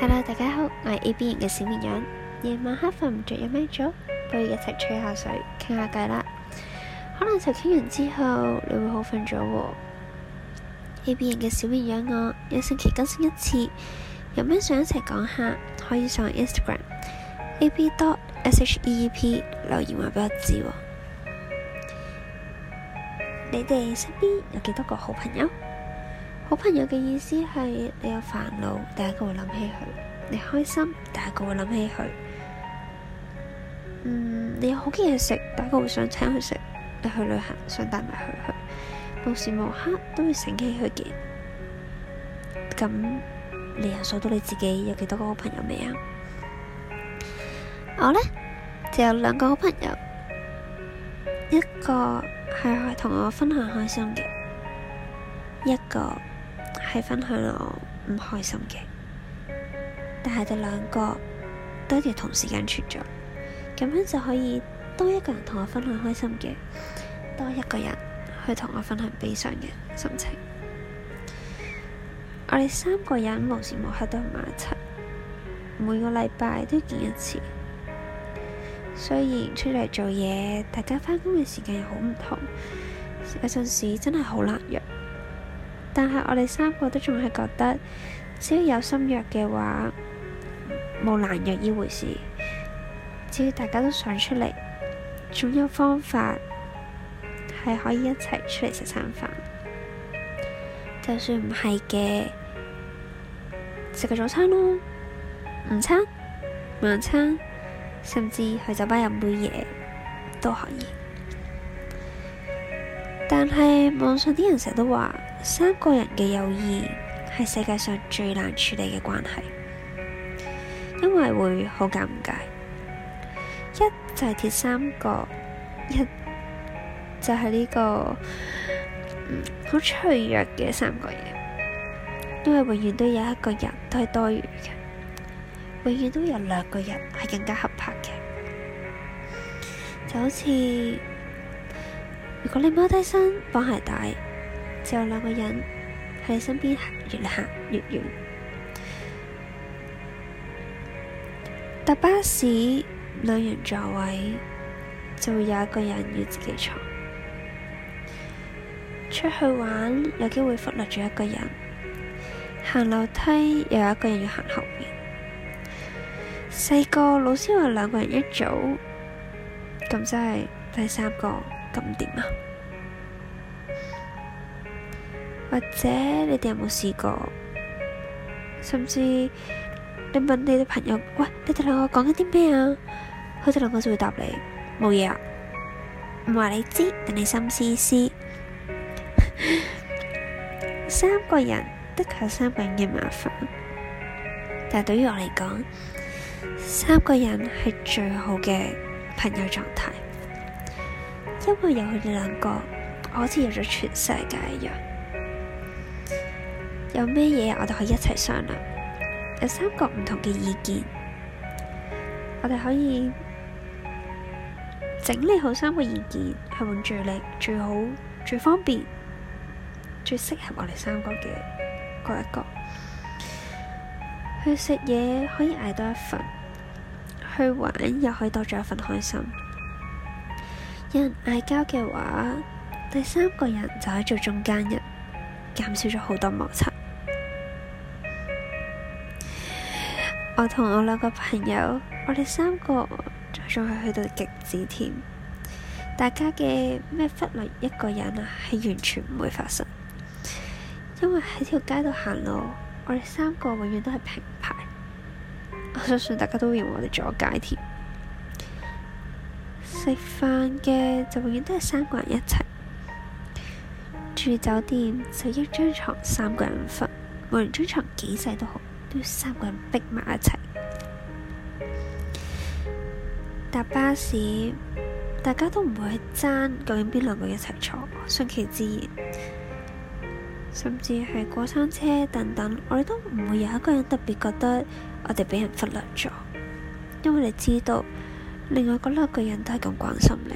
Hello 大家好，我係 A B 型嘅小綿羊。夜晚黑瞓唔着，有咩做？不如一齊吹下水，傾下偈啦。可能就傾完之後你會好瞓咗、哦。A B 型嘅小綿羊，我，我一星期更新一次，有咩想一齊講下，可以上 Instagram A B dot S H E E P 留言話俾我知。你哋身邊有幾多個好朋友？好朋友嘅意思係你有煩惱，第一個會諗起佢；你開心，第一個會諗起佢。嗯，你有好嘅嘢食，第一個會想請佢食；你去旅行，想帶埋佢去。無時無刻都會醒起佢嘅。咁你又數到你自己有幾多個好朋友未啊？我呢，就有兩個好朋友，一個係同我分享開心嘅，一個。係分享我唔開心嘅，但係哋兩個都係同時間存在，咁樣就可以多一個人同我分享開心嘅，多一個人去同我分享悲傷嘅心情。 我哋三個人無時無刻都係埋一齊，每個禮拜都見一次。雖然出嚟做嘢，大家返工嘅時間又好唔同，有陣時真係好難約。但係我哋三個都仲係覺得，只要有心約嘅話，冇難約呢回事。只要大家都想出嚟，總有方法係可以一齊出嚟食餐飯。就算唔係嘅，食個早餐咯，午餐、晚餐，甚至去酒吧飲杯嘢都可以。但係網上啲人成日都話。三個人嘅友誼係世界上最難處理嘅關係，因為會好尷尬。一就係鐵三角，一就係呢、這個好、嗯、脆弱嘅三個嘢，因為永遠都有一個人都係多餘嘅，永遠都有兩個人係更加合拍嘅，就好似如果你踎低身綁鞋帶。就兩個人喺身邊行，越行越遠。搭巴士兩人座位，就會有一個人要自己坐。出去玩有機會忽略咗一個人，行樓梯又有一個人要行後面。細個老師話兩個人一組，咁即係第三個咁點啊？或者你哋有冇試過？甚至你問你嘅朋友：，喂，你哋兩個講緊啲咩啊？佢哋兩個就會答你，冇嘢啊，唔話你知，等你心思思。 三個人得三個人嘅麻煩，但係對於我嚟講，三個人係最好嘅朋友狀態，因為有佢哋兩個，我好似有咗全世界一樣。有咩嘢我哋可以一齊商量？有三個唔同嘅意見，我哋可以整理好三個意見去揾住你最好、最方便、最適合我哋三個嘅嗰一個。去食嘢可以嗌多一份，去玩又可以多咗一份開心。有人嗌交嘅話，第三個人就可以做中間人，減少咗好多摩擦。我同我兩個朋友，我哋三個仲係去到極致添。大家嘅咩忽略一個人啊，係完全唔會發生。因為喺條街度行路，我哋三個永遠都係平排，我相信大家都認為我哋阻街添。食飯嘅就永遠都係三個人一齊，住酒店就一張床三個人瞓，無論張床幾細都好。要三個人逼埋一齊搭巴士，大家都唔會去爭究竟邊兩個一齊坐，順其自然。甚至係過山車等等，我哋都唔會有一個人特別覺得我哋俾人忽略咗，因為你知道，另外嗰兩個人都係咁關心你，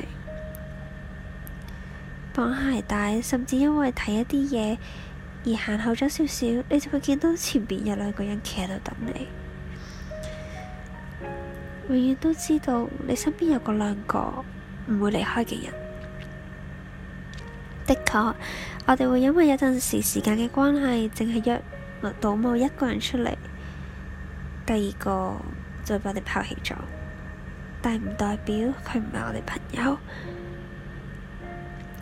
綁鞋帶，甚至因為睇一啲嘢。而行後咗少少，你就會見到前邊有兩個人企喺度等你。永遠都知道你身邊有嗰兩個唔會離開嘅人。的確，我哋會因為有陣時時間嘅關係，淨係約到某一個人出嚟，第二個就會把你拋棄咗。但唔代表佢唔係我哋朋友。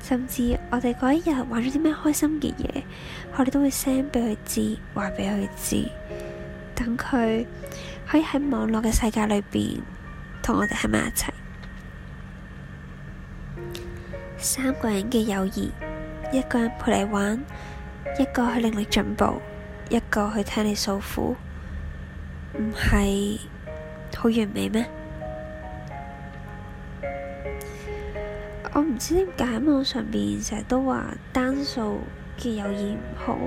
甚至我哋嗰一日玩咗啲咩開心嘅嘢，我哋都會 send 俾佢知，話俾佢知，等佢可以喺網絡嘅世界裏邊同我哋喺埋一齊。三個人嘅友誼，一個人陪你玩，一個去令你進步，一個去聽你訴苦，唔係好完美咩？我唔知點解喺網上邊成日都話單數嘅友誼唔好，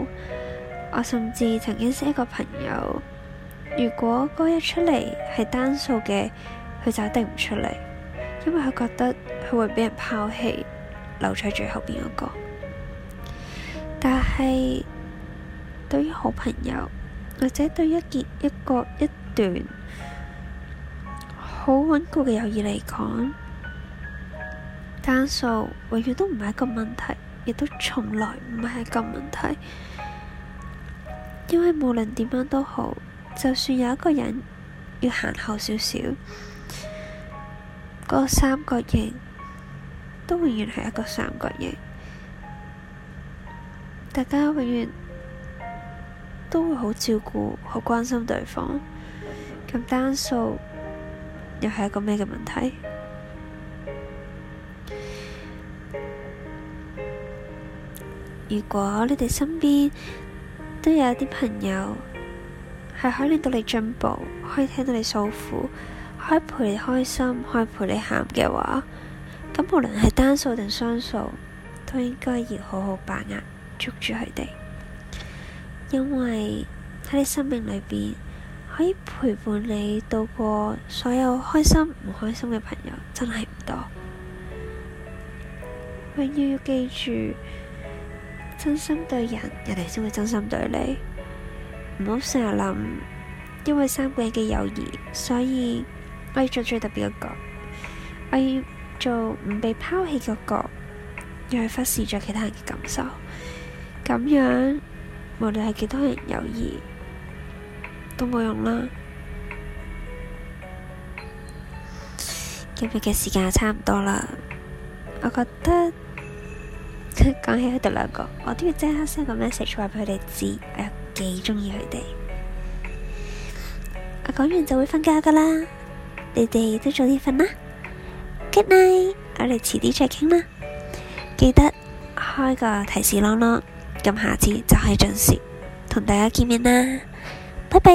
我甚至曾經識一個朋友，如果嗰日出嚟係單數嘅，佢就一定唔出嚟，因為佢覺得佢會俾人拋棄，留喺最後邊嗰、那個。但係對於好朋友，或者對一件，一個，一，個，一段好穩固嘅友誼嚟講，單數永遠都唔係一個問題，亦都從來唔係一個問題，因為無論點樣都好，就算有一個人要行後少少，嗰個三角形都永遠係一個三角形，大家永遠都會好照顧、好關心對方，咁單數又係一個咩嘅問題？如果你哋身邊都有一啲朋友係可以令到你進步，可以聽到你訴苦，可以陪你開心，可以陪你喊嘅話，咁無論係單數定雙數，都應該要好好把握，捉住佢哋，因為喺你生命裏邊可以陪伴你度過所有開心唔開心嘅朋友，真係唔多，永遠要記住。真心對人，人哋先會真心對你。唔好成日諗，因為三個人嘅友誼，所以我要做最特別嘅一個，我要做唔被拋棄嗰個，又去忽視咗其他人嘅感受。咁樣無論係幾多人友誼都冇用啦。今日嘅時間差唔多啦，我覺得。講起佢哋兩個，我都要即刻 send 個 message 話俾佢哋知，我有幾鍾意佢哋。我講完就會瞓覺噶啦，你哋都早啲瞓啦。Good night，我哋遲啲再傾啦。記得開個提示啷啷，咁下次就可以準時同大家見面啦。拜拜。